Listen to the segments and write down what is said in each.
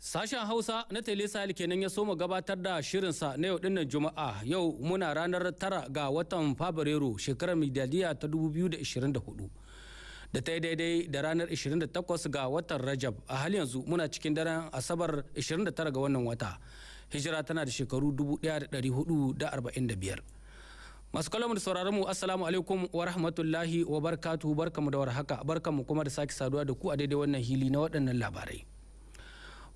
Sashen Hausa na Telesali kenan ya soma gabatar da shirinsa na yau dinnan Juma'a yau muna ranar tara ga watan Fabrairu shekarar miliyadiya ta 2024 da ta daidai da ranar 28 ga watan Rajab a hal yanzu muna cikin daren Asabar 29 ga wannan wata. hijira tana da shekaru 1445 masu kalamu da sauraron mu assalamu alaikum wa rahmatullahi wa barkatu barkamu da warhaka barkamu kuma da sake saduwa da ku a daidai wannan hili na waɗannan labarai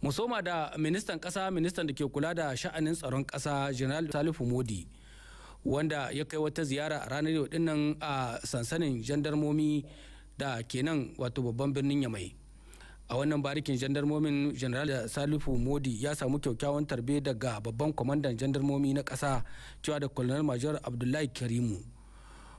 musoma da ministan kasa ministan da ke kula da sha'anin tsaron kasa general salifu modi wanda ya kai wata ziyara a ranar yau dinnan a sansanin jandarmomi da kenan wato babban birnin yamai a wannan barikin jandarmomin general salifu modi ya samu kyakkyawan tarbe daga babban kwamandan jandarmomi na kasa cewa da colonel major abdullahi karimu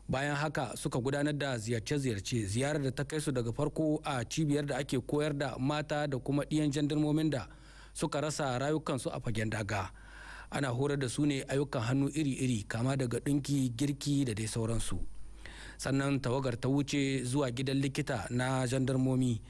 bayan haka suka gudanar da ziyarce-ziyarce ziyarar da ta kai su daga farko a cibiyar da ake koyar da mata da kuma ɗiyan jandarmomin da suka rasa rayukansu a fagen daga ana horar da su ne ayyukan hannu iri-iri kama daga ɗinki girki da dai sauransu sannan tawagar ta wuce zuwa gidan likita na jandarmomi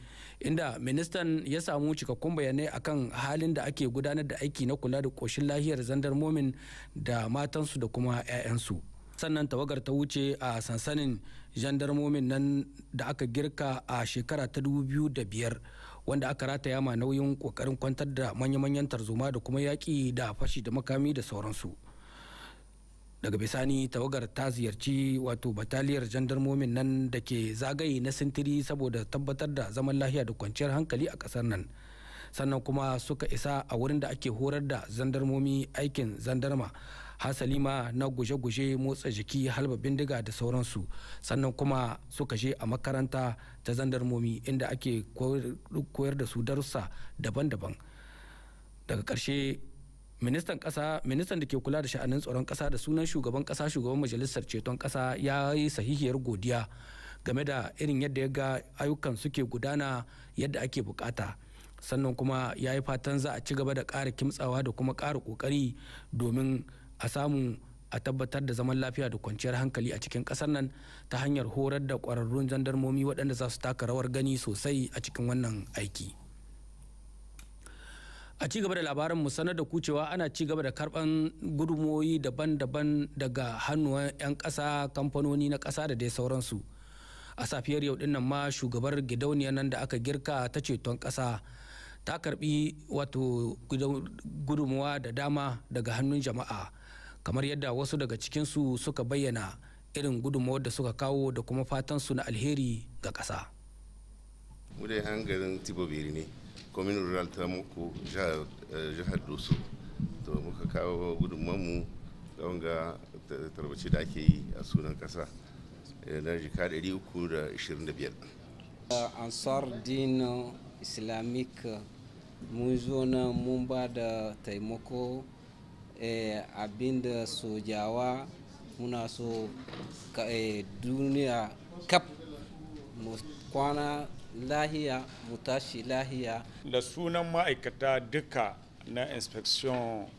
inda ministan ya samu cikakkun bayanai akan halin da ake gudanar da aiki na kula da koshin lahiyar momin da matansu da kuma 'ya'yansu sannan tawagar ta wuce a sansanin jandarmomin nan da aka girka a shekara ta biyar wanda aka rataya ma nauyin kokarin kwantar da manya-manyan tarzoma da kuma yaƙi da fashi da makami da sauransu daga bisani tawagar ta ziyarci wato bataliyar jandarmomin nan da ke zagaye na sintiri saboda tabbatar da zaman lahiya da kwanciyar hankali a kasar nan sannan kuma suka isa a wurin da ake horar da zandarmomi aikin zandarma hasalima na guje-guje motsa jiki halba bindiga da sauransu sannan kuma suka je a makaranta ta zandarmomi inda ake koyar da su darussa daban-daban daga ƙarshe ministan kasa ministan da ke kula da sha'anin tsaron kasa da sunan shugaban kasa shugaban majalisar ceton kasa ya yi sahihiyar godiya game da irin yadda ya ga ayyukan suke gudana yadda ake bukata sannan kuma ya yi fatan za a ci gaba da ƙara kimtsawa da kuma ƙara ƙoƙari domin a samu a tabbatar da zaman lafiya da kwanciyar hankali a cikin ƙasar nan ta hanyar horar da ƙwararrun jandarmomi waɗanda za su taka rawar gani sosai a cikin wannan aiki. a ci gaba da labarin mu sanar da kucewa ana ci gaba da karban gudumoyi daban-daban daga hannuwan 'yan ƙasa kamfanoni na ƙasa da dai sauransu a safiyar yau din nan ma shugabar gidauniyar nan da aka girka ta ceton ƙasa ta karbi wato gudunmuwa da dama daga hannun jama'a kamar yadda wasu daga cikinsu suka bayyana irin gudumawar da suka kawo da kuma fatansu na alheri ga kasa. mu dai an garin tibobiri ne komin rural ta muku eh, jihar doso to muka kawo gudunmanmu ga tarbace da ake yi a sunan kasa eh, na jika 325 ansar din islamic mun zo na mun ba da taimako eh, abinda sojawa muna so duniya kap kwana lahiya mutashi tashi lahiya da sunan ma'aikata duka na inspection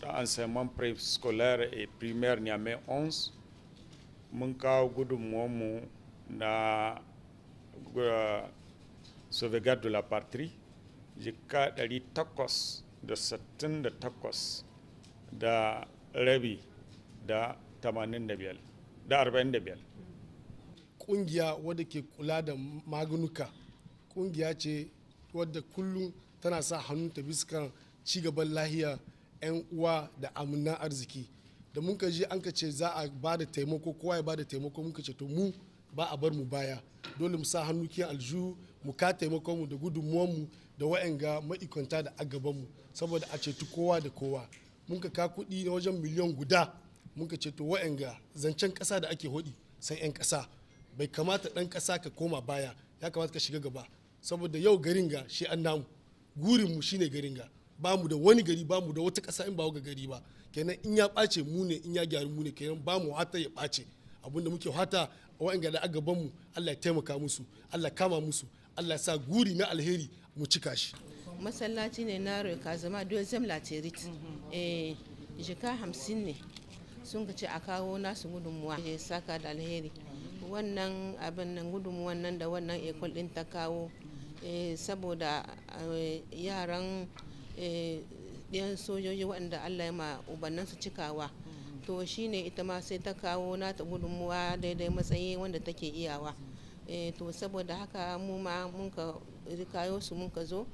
d'enseignement préscolaire et primaire Niamey 11 mun kawo gudunmuwanmu na uh, sauvegarde de la patrie jika 868 da rabi da 85 da 45 kungiya wadda ke kula da maganuka kungiya ce wadda kullum tana sa hannu ta ci gaban lahiya 'yan uwa da amina arziki da mun ka je an ka ce za a ba da taimako kowa ya ba da taimako mun ka ce to mu ba a bar mu baya dole mu sa hannu kiyan aljihu mu ka taimakon mu da gudunmuwan mu da wa'anga ma'ikwanta da agaban mu saboda a ceto kowa da kowa mun ka ka kuɗi na wajen miliyan guda mun ka ce ceto wa'anga zancen ƙasa da ake hodi sai 'yan ƙasa bai kamata ɗan kasa ka koma baya ya kamata ka shiga gaba saboda yau garin ga shi an namu gurin mu shine garin ga ba mu da wani gari ba mu da wata kasa in ba ga gari ba kenan in ya ɓace mu ne in ya gyaru mu ne kenan ba mu hata ya ɓace abinda muke hata wa'anga da a gaban mu Allah ya taimaka musu Allah kama musu Allah sa guri na alheri mu cika shi masallaci ne na roka zama dozem laterit mhm. eh jika hamsin ne sun ka ce a kawo nasu gudunmuwa ya saka da alheri wannan abin nan gudunmuwan nan da wannan ekol din ta kawo eh, saboda eh, yaran eh, ɗiyan sojoji waɗanda allah ya ma ubannansu cikawa to shine ita ma sai ta kawo nata gudunmuwa daidai matsayi wanda take iyawa to saboda haka mu ma mun ka kayo su mun ka zo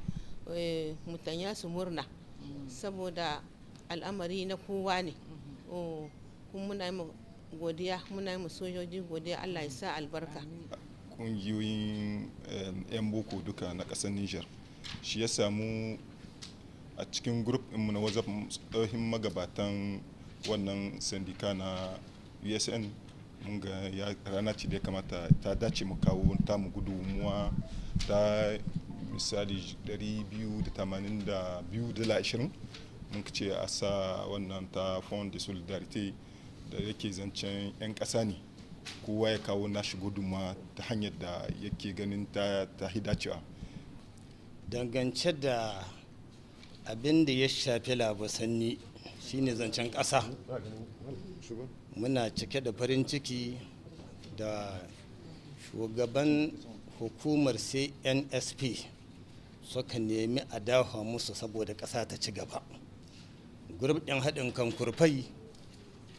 mutanya su murna saboda al'amari na kowa ne mm-hmm. oh, kuma muna yi godiya muna yi sojoji godiya allah ya sa albarka ƙungiyoyin 'yan eh, boko duka na ƙasar niger shi ya samu a cikin grup mu na wazaf tsohin magabatan wannan sandika na usn mun ga ya rana ce da ya kamata ta dace mu kawo ta mu muwa ta misali 282 dala 20 mun ce a sa wannan ta fond de solidarite da yake zancen 'yan ƙasa ne kowa ya kawo nashi guduma ta hanyar da yake ganin ta ta dacewa dangance da abin da ya shafi labasanni shine zancen ƙasa muna cike da farin ciki da shugaban hukumar cnsp suka nemi a dafa musu saboda ƙasa ta ci gaba gurbin haɗin kan kurfai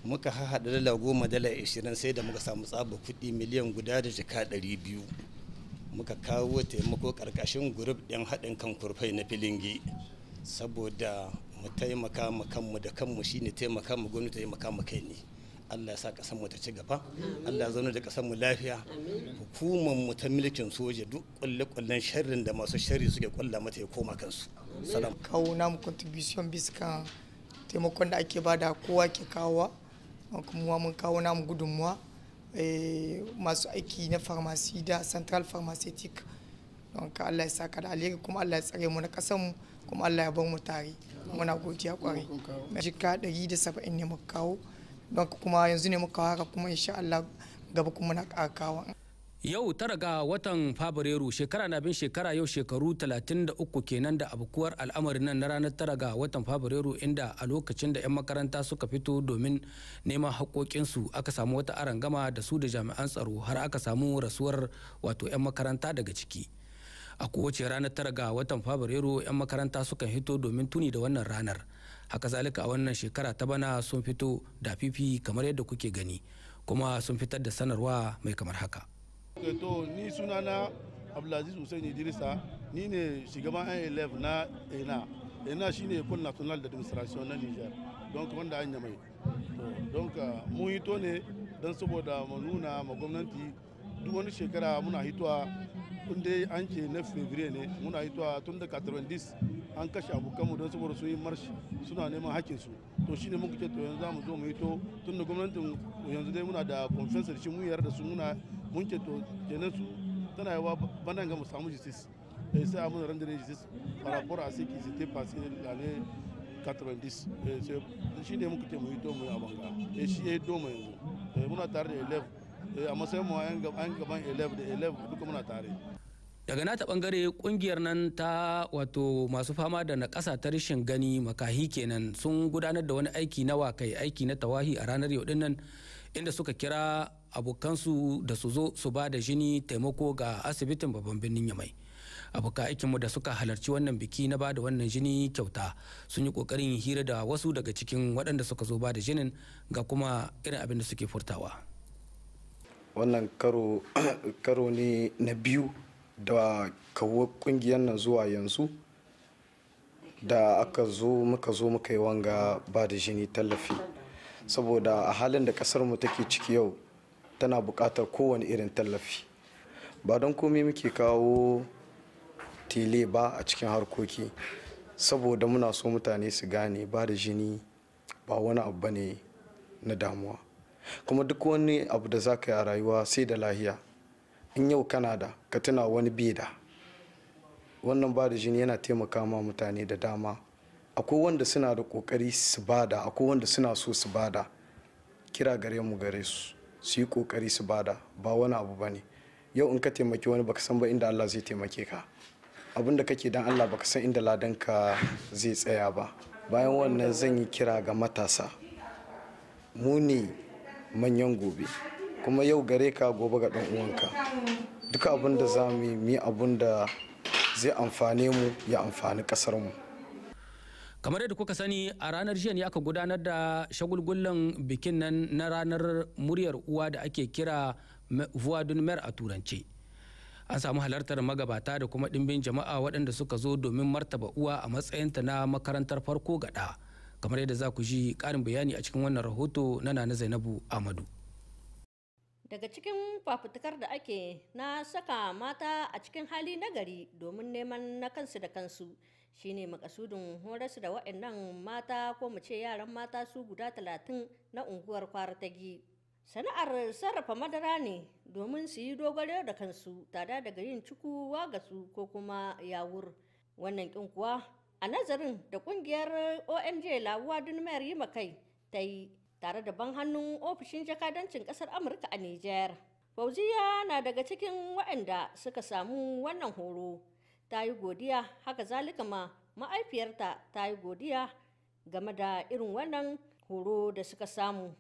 muka haɗa dala goma dala ashirin sai da muka samu tsaba kuɗi miliyan guda da jika ɗari biyu muka kawo taimako ƙarƙashin gurub ɗin haɗin kan kurfai na filingi saboda mu taimaka mu kanmu da kanmu shine taimaka mu gwamnati taimaka mu kai ne Allah ya sa ƙasar mu ta ci gaba Allah ya zauna da ƙasar mu lafiya hukumar mu ta mulkin soja duk kulle kullen sharrin da masu sharri suke kulla mata ya koma kansu salam kawo namu contribution bisa taimakon da ake bada kowa ke kawowa kuma mun kawo namu gudunmuwa eh, masu aiki na farmasi da central pharmaceutic don ka Allah ya saka da alheri kuma Allah ya tsare mu na kasan mu kuma Allah ya bar mu tare muna godiya kwarai jika 170 ne muka kawo don kuma yanzu ne muka haka kuma insha Allah gaba kuma na ƙara kawo Yau tara ga watan Fabrairu shekara na bin shekara yau shekaru 33 kenan da abukuwar al'amarin nan na ranar tara ga watan Fabrairu inda a lokacin da 'yan makaranta suka fito domin neman haƙoƙinsu aka samu wata arangama da su da jami'an tsaro har aka samu rasuwar wato 'yan makaranta daga ciki. A kowace ranar tara ga watan Fabrairu 'yan makaranta suka hito domin tuni da wannan ranar. Haka zalika a wannan shekara ta bana sun fito da fifi kamar yadda kuke gani kuma sun fitar da sanarwa mai kamar haka. Eh, to ni sunana abdulaziz hussein idrisa ni ne shugaban yan na ena ena shine école nationale d'administration na niger donc wanda an yamai donc ah, mun hito ne don saboda mu nuna ma gwamnati duk wani shekara muna hitowa dai an ce na fevrier ne muna hitowa tun da 90 an kashe abokanmu don saboda sun yi marsh suna neman hakinsu to shine muka ce to yanzu mu zo mu hito tun da gwamnatin yanzu dai muna da confiance da shi mun yarda su muna mun ce to kenan su tana yawa bana ga mu samu justice eh, sai ça a da ne justice par rapport à ce qui s'était passé l'année 90 shi shine muka ce mu hito mu yi abanga e eh, shi ya do mu yanzu eh, muna tare da 11 a sai mu an gaban 11 da 11 duka muna tare daga nata bangare kungiyar nan ta wato masu fama da nakasa ta rashin gani makahi kenan sun gudanar da wani aiki na wakai aiki na tawahi a ranar yau dinnan inda suka kira abokansu da su zo su ba da jini taimako ga asibitin babban birnin yamai abokan aikinmu da suka halarci wannan biki na ba da wannan jini kyauta sun yi kokarin hira da wasu daga cikin waɗanda suka zo ba da jinin ga kuma irin abin da suke furtawa wannan karo ne na biyu da kawo kungiyar nan zuwa yanzu da aka zo muka zo muka yi wanga ba da jini tallafi saboda a halin da kasar mu take ciki yau tana buƙatar kowane irin tallafi ba don komai muke kawo tele ba a cikin harkoki saboda muna so mutane su gane ba da jini ba wani abu ne na damuwa kuma duk wani abu da za ka yi a rayuwa sai da lahiya in yau kana da ka tuna wani beda wannan ba da jini yana taimaka ma mutane da dama akwai wanda suna da kokari su bada akwai wanda suna so su bada kira gare mu gare su su yi kokari su bada ba wani abu ba ne yau in ka taimaki wani baka san ba inda Allah zai taimake ka abin da kake dan Allah baka san inda ladanka zai tsaya ba bayan wannan zan yi kira ga matasa mu ne manyan gobe kuma yau gare ka gobe ga ɗan uwanka duk abin da za mu yi abin da zai amfane mu ya amfani kasar mu kamar yadda kuka sani a ranar jiya ne aka gudanar da shagulgullan bikin nan na ranar muryar uwa da ake kira vuadun mer a turance an samu halartar magabata da kuma ɗimbin jama'a waɗanda suka zo domin martaba uwa a matsayinta na makarantar farko gada kamar yadda za ku ji ƙarin bayani a cikin wannan rahoto na nana zainabu amadu Daga cikin fafutukar da ake na saka mata a cikin hali nagari domin neman na kansu da kansu shine makasudin horarsu da waɗannan mata ko mu ce yaran mata su guda talatin na unguwar gi. Sana'ar sarrafa madara ne domin su yi dogaro da kansu tada daga yin cikuwa ga su ko kuma yawur. Wannan kin kuwa a nazarin da kungiyar ONG Lawuwa Dunmayar yi kai ta yi tare da ban hannun ofishin jakadancin ƙasar amurka a niger fauziya na daga cikin waɗanda suka samu wannan horo ta yi godiya haka zalika ma ma'aifiyarta ta yi godiya game da irin wannan horo da suka samu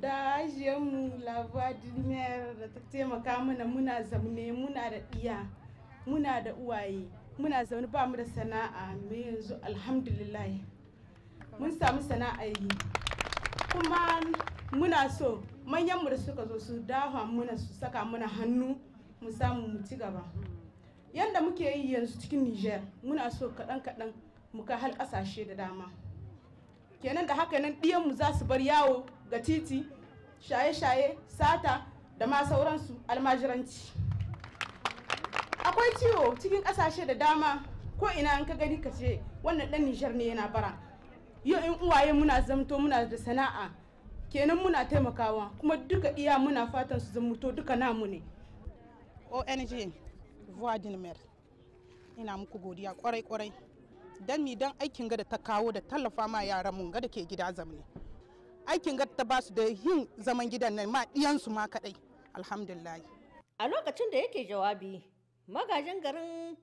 da ajiyarmu labuwa duniyar da ta taimaka mana muna zaune muna da ɗiya muna da uwaye muna zaune ba mu da sana'a mai yanzu alhamdulillah mun samu sana'a yi kuma muna so manyanmu da suka zo su dawa muna su saka muna hannu mu samu mu ci gaba yadda muke yi yanzu cikin niger muna so kaɗan-kaɗan muka hal ƙasashe da dama kenan da haka nan mu za su bar yawo ga titi shaye-shaye sata da ma sauransu almajiranci akwai ciwo cikin ƙasashe da dama ko ina an ka gani ka ce wannan ɗan nijar ne yana bara yau in uwaye muna zamto muna da sana'a kenan muna taimakawa kuma duka iya muna fatan su zamuto duka namu ne ong vladimir ina muku godiya kwarai kwarai dan mi dan aikin gada ta kawo da tallafa ma yaran mun gada ke gida zamani aikin gada ta basu da yin zaman gidan nan ma iyansu ma kadai alhamdulillah a lokacin da yake jawabi magajin garin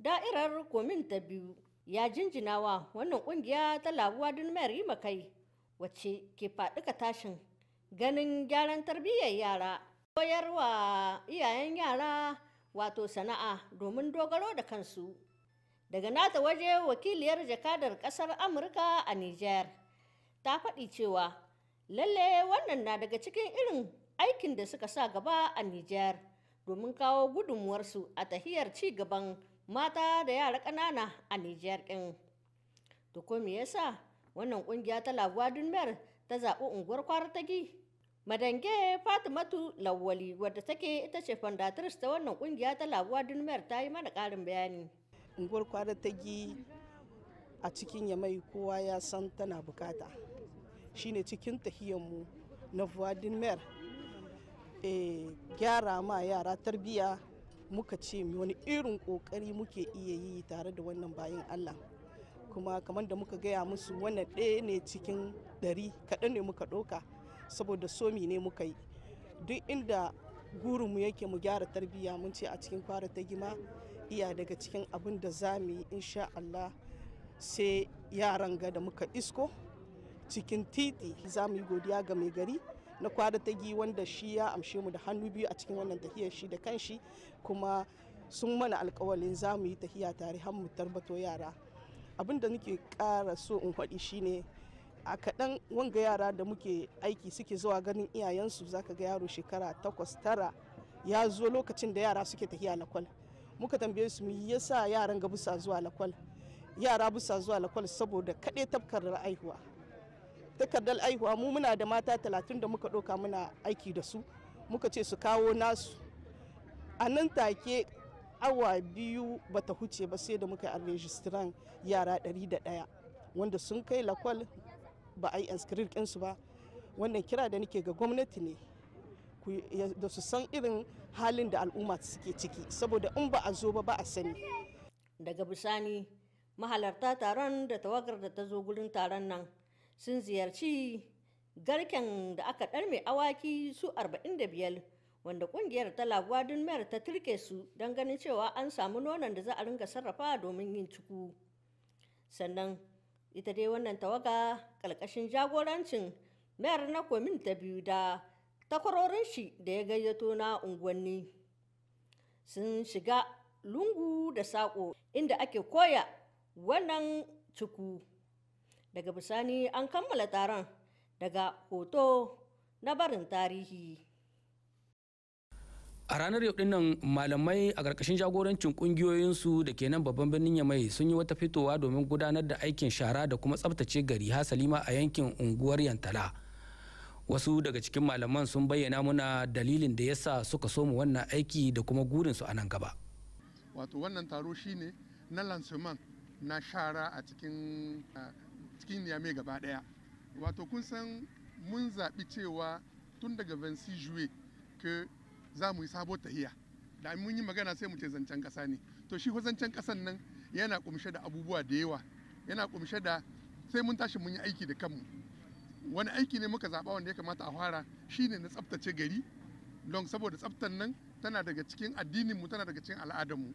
da'irar komin ta biyu ya jinjinawa wannan kungiya ta labuwa mayar yi makai wacce ke faɗuka tashin ganin gyaran tarbiyyar yara koyarwa iyayen yara wato sana'a domin dogaro da kansu daga nata waje wakiliyar jakadar ƙasar amurka a niger ta faɗi cewa lalle wannan na daga cikin irin aikin da suka sa gaba a niger domin kawo gudunmuwarsu a tahiyar ci gaban mata da yara ƙanana a Nijar ɗin. To ko me yasa wannan ƙungiya ta Labuwa Dunmer ta zaɓi unguwar Kwaratagi? Madange Fatimatu lawali wadda take ita ce fondatris ta wannan ƙungiya ta Labuwa Dunmer ta yi mana ƙarin bayani. Unguwar Kwaratagi a cikin Yamai kowa ya san tana bukata. shine cikin tahiyanmu na Vladimir e, eh, gyara ma yara tarbiyya muka ce wani irin kokari muke iya yi tare da wannan bayan allah kuma kamar da muka gaya musu wannan ɗaya ne cikin ɗari kaɗan ne muka ɗauka saboda somi ne muka yi duk inda gurinmu yake mu gyara tarbiyya mun ce a cikin kwara ta gima iya daga cikin abin da za mu yi insha Allah sai yaran ga da muka isko cikin titi za mu yi godiya ga mai gari na kwada gi wanda shi ya amshe mu da hannu biyu a cikin wannan tahiyar shi da kanshi kuma sun mana alkawalin za mu yi tahiya tare har mu tarbato yara abin da nake kara so in faɗi shine a kaɗan wanga yara da muke aiki suke zuwa ganin iyayensu za ka ga yaro shekara takwas tara ya zo lokacin da yara suke tahiya lakwal muka tambaye su mu yasa yaran ga busa zuwa lakwal yara busa zuwa lakwal saboda kaɗai tafkar ra'ayuwa takardar aihuwa mu muna da mata talatin da muka ɗauka muna aiki da su muka ce su kawo nasu a nan take awa biyu bata huce ba sai da muka yi rejistiran yara 101 wanda sun kai lakwal ba a yi inskirir kinsu ba wannan kira da nake ga gwamnati ne da su san irin halin da al'umma suke ciki saboda in ba a zo ba ba a sani daga bisani mahalarta taron da tawagar da ta zo gurin taron nan sun ziyarci garken da aka ɗarme awaki su 45 wanda ƙungiyar ta don mayar ta turke su don ganin cewa an samu nonon da za a ringa sarrafa domin yin cuku sannan ita dai wannan tawaga ƙarƙashin jagorancin mayar na komin ta biyu da takwarorin shi da ya gayyato na unguwanni sun shiga lungu da saƙo inda ake koya wannan cuku daga bisani an kammala taron daga hoto na barin tarihi a ranar yau dinnan malamai a ƙarƙashin jagorancin ƙungiyoyinsu da ke nan babban birnin yamai sun yi wata fitowa domin gudanar da aikin shara da kuma tsabtace gari hasalima a yankin unguwar yantala wasu daga cikin malaman sun bayyana muna dalilin da yasa suka so mu wannan aiki da kuma gurinsu a nan gaba wato wannan taro shine na lansuman na shara a cikin cikin niyame gaba daya wato kun san mun zaɓi cewa tun daga vansi juwe ke za mu yi sabo tahiya da mun yi magana sai mu ce zancen ƙasa ne to shi zancen ƙasan nan yana kumshe da abubuwa da yawa yana kumshe da sai mun tashi mun yi aiki da kanmu wani aiki ne muka zaɓa wanda ya kamata a fara shine na tsaftace gari don saboda tsaftan nan tana daga cikin addinin mu tana daga cikin mu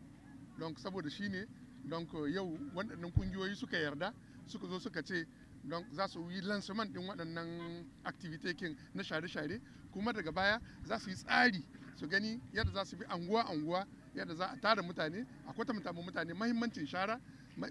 don saboda shine don yau waɗannan kungiyoyi suka yarda suka zo suka ce don za su yi lansuman din waɗannan activity kin na share-share kuma daga baya za su yi tsari su gani yadda za su bi anguwa-anguwa yadda za a tara mutane a kwata mutane mahimmancin shara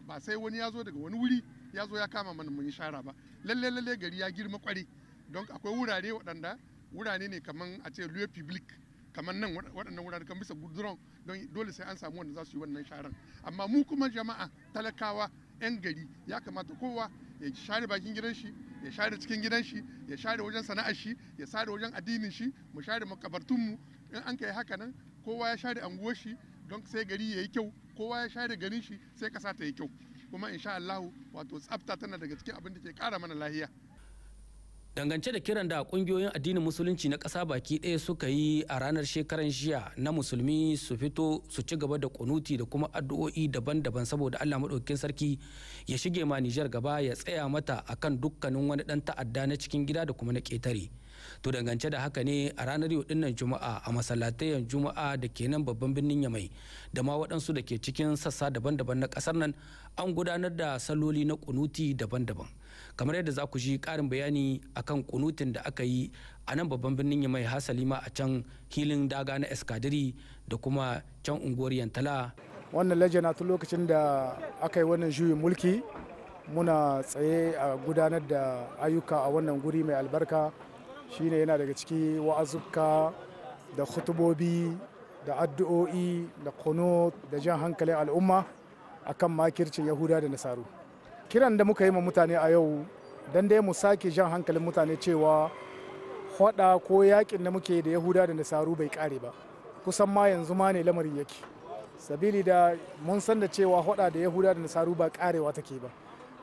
ba sai wani ya zo daga wani wuri ya zo ya kama mana mun yi shara ba lalle lalle gari ya girma kwari don akwai wurare waɗanda wurare ne kaman a ce lieu public kamar nan waɗannan wurare kan bisa gudron don dole sai an samu wanda za su yi wannan sharan amma mu kuma jama'a talakawa 'yan gari ya kamata kowa ya share bakin gidan shi ya share cikin gidan shi ya share wajen sana'ar shi ya share wajen addinin shi mu share makabartun mu in an kai haka nan kowa ya share anguwar shi don sai gari yayi kyau kowa ya share garin shi sai kasa ta yi kyau kuma insha Allah wato tsafta tana daga cikin abin da ke kara mana lahiya dangance da kiran da kungiyoyin addinin musulunci na ƙasa baki ɗaya suka yi a ranar shekaran jiya na musulmi su fito su ci gaba da kunuti da kuma addu'o'i daban-daban saboda allah maɗaukakin sarki ya shige ma nijar gaba ya tsaya mata akan dukkanin wani ɗan ta'adda na cikin gida da kuma na ƙetare to dangance da haka ne a ranar yau dinnan juma'a a masallatayen juma'a da ke nan babban birnin yamai da ma waɗansu da ke cikin sassa daban-daban na ƙasar nan an gudanar da saloli na kunuti daban-daban kamar yadda za ku ji karin bayani akan kunutin da aka yi a nan babban birnin yamai hasali ma a can hilin daga na eskadiri da kuma can unguwar yantala wannan lajana tun lokacin da aka yi wannan juyin mulki muna tsaye a gudanar da ayyuka a wannan guri mai albarka shine yana daga ciki wa'azuka da hutubobi da addu'o'i da kuno da jan hankalin al'umma a kan makircin yahuda da nasaru kiran da muka yi ma mutane a yau don dai mu sake jan hankalin mutane cewa hoda ko yakin da muke da yahuda da nasaru bai kare ba kusan ma yanzu ma ne lamarin yake sabili da mun san da cewa hoda da yahuda da nasaru ba karewa take ba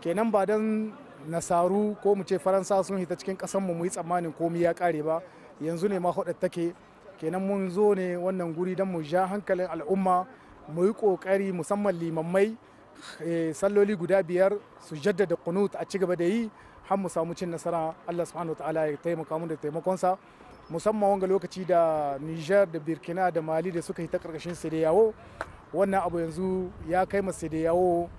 kenan ba don. nasaru ko mu ce faransa sun hita cikin kasan mu yi tsammanin komi ya kare ba yanzu ne ma hudar take kenan mun zo ne wannan guri don mu ja hankalin al'umma mu yi kokari musamman limammai eh, salloli guda biyar su jaddada kunut a cigaba da yi har mu samu cin nasara Allah subhanahu ta'ala ya taimaka mu da taimakonsa musamman wanga lokaci da Niger da Burkina da Mali da suka yi ta karkashin yawo wannan abu yanzu ya kai mu Sidiyawo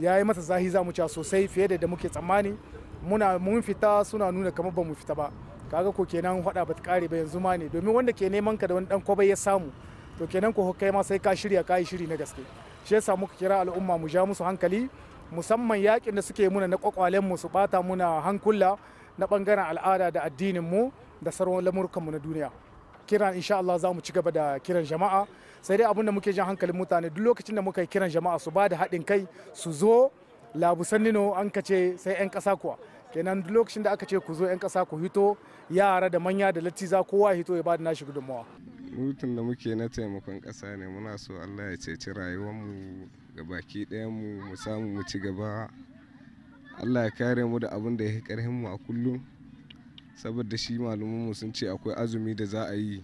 ya yi masa zahi za mu ca sosai fiye da da muke tsammani muna mun fita suna nuna kamar ba mu fita ba kaga ko kenan faɗa ba ta kare ba yanzu ma ne domin wanda ke neman ka da wani dan kwabai ya samu to kenan ko kai ma sai ka shirya ka yi shiri na gaske shi yasa muka kira al'umma mu ja musu hankali musamman yakin da suke muna na kwakwalen mu su bata muna hankula na bangaren al'ada da addinin mu da sauran lamurkan mu na duniya kiran insha Allah za mu ci gaba da kiran jama'a sai dai abin da muke jan hankalin mutane duk lokacin da muka yi kiran jama'a su ba da haɗin kai su zo labusan nino an ka ce sai 'yan ƙasa kuwa kenan duk lokacin da aka ce ku zo 'yan ƙasa ku hito yara da manya da za kowa hito ya ba da nashi gudunmawa mutum da muke na taimakon ƙasa ne muna so allah ya ceci rayuwarmu ga baki ɗayanmu mu samu mu ci gaba allah ya kare mu da abin da ya karhinmu a kullum saboda shi malumanmu sun ce akwai azumi da za a yi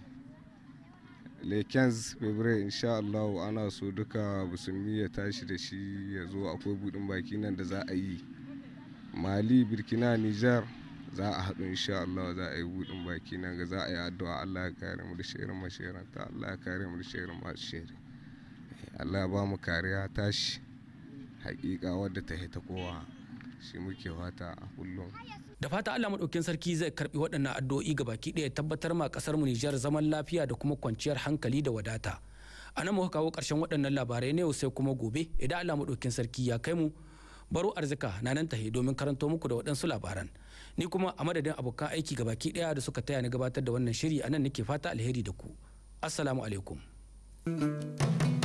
lekens febrai insha Allah ana so duka musulmi ya tashi da shi ya zo akwai budin baki nan da za a yi mali burkina niger za a haɗu insha Allah za a yi budin baki nan ga za a yi addu'a Allah ya kare mu da shirin ta Allah ya kare mu da shirin masu eh, Allah ya ba mu kariya tashi hakika wadda ta hita kowa shi muke wata a kullum da fata Allah madaukin sarki zai karbi waɗannan addu'o'i ga baki ɗaya tabbatar ma kasar mu Nijar zaman lafiya da kuma kwanciyar hankali da wadata a nan muka kawo ƙarshen waɗannan labarai ne sai kuma gobe idan Allah madaukin sarki ya kai mu baro arzika na nan tahe domin karanto muku da waɗansu labaran ni kuma a madadin abokan aiki ga baki ɗaya da suka taya ni gabatar da wannan shiri a nan nake fata alheri da ku assalamu alaikum thank you